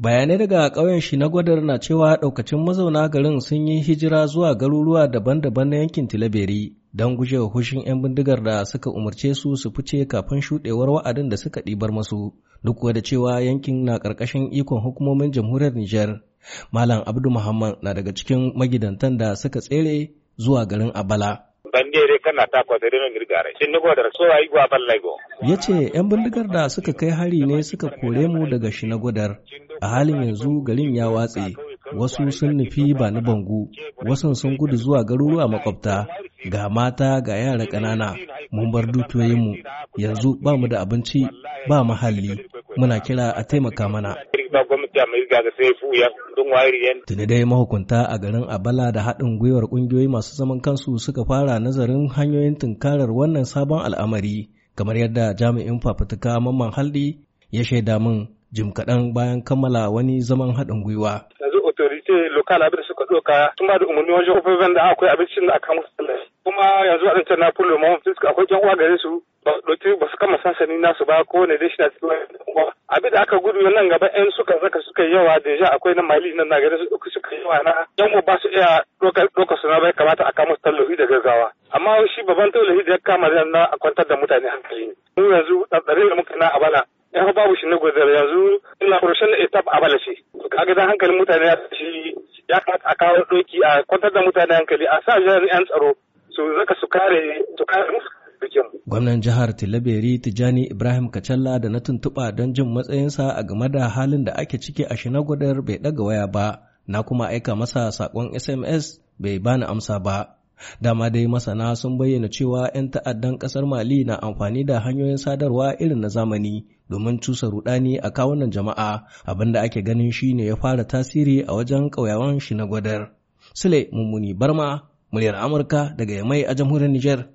bayanai daga ƙauyen shi na gwadar na cewa ɗaukacin mazauna garin sun yi hijira zuwa garuruwa daban-daban na yankin tilaberi don gujewa hushin 'yan bindigar da suka umarce su su fice kafin shuɗewar wa'adin da suka ɗibar masu duk da cewa yankin na ƙarƙashin ikon hukumomin jamhuriyar Nijar. Malam Abdu Muhammad na daga cikin magidantan da suka tsere zuwa garin Abala. bandere kana ta kwata girgare shin nigo da so ayi gwa ballai go yace yan bindigar da suka kai hari ne suka kore mu daga shi na gwadar. a halin yanzu garin ya watse wasu sun nufi ba na bangu wasu sun gudu zuwa garuruwa makwabta ga mata ga yara ƙanana mun bar dutoyinmu yanzu ba mu da abinci ba mahalli muna kira a taimaka mana tuni dai mahukunta a garin abala da haɗin gwiwar ƙungiyoyi masu zaman kansu suka fara nazarin hanyoyin tunkarar wannan sabon al'amari kamar yadda jami'in fafutuka mamman haldi ya shaida min jim kaɗan bayan kammala wani zaman haɗin gwiwa. Yanzu autorite lokal abin da suka ɗauka tun ba da umarni wajen ban da akwai abincin da aka musu tallafi. Kuma yanzu a ɗancan na fulo ma akwai ƴan uwa gare su ba su kama sansani nasu ba ko wani dai shi na cikin abin da aka gudu nan gaba yan suka zaka suka yawa deja akwai na mali nan nagari ɗauki suka yawa na yan ba su iya ɗaukar suna bai kamata a kama su tallafi da gaggawa amma shi babban tallafi da ya kama na a kwantar da mutane hankali mu yanzu tsare da muka na a bana in babu shi na yanzu ina ƙarshen etap a balashe a hankalin mutane ya tashi ya a kawo doki a kwantar da mutane hankali a sa jami'an tsaro su zaka su kare su kare Gwamnan jihar Tilaberi tijjani Ibrahim Kacalla da na tuntuɓa don jin matsayinsa a game da halin da ake ciki a gwadar bai ɗaga waya ba, na kuma aika masa saƙon SMS bai bani amsa ba. Dama dai masana sun bayyana cewa 'yan ta'addan ƙasar Mali na amfani da hanyoyin sadarwa irin na zamani domin cusa rudani a kawunan jama'a abinda ake ganin shi ne ya fara tasiri a wajen ƙauyawan shi na gwadar. Sule Mummuni Barma, muryar Amurka daga Yamai a jamhuriyar Nijar.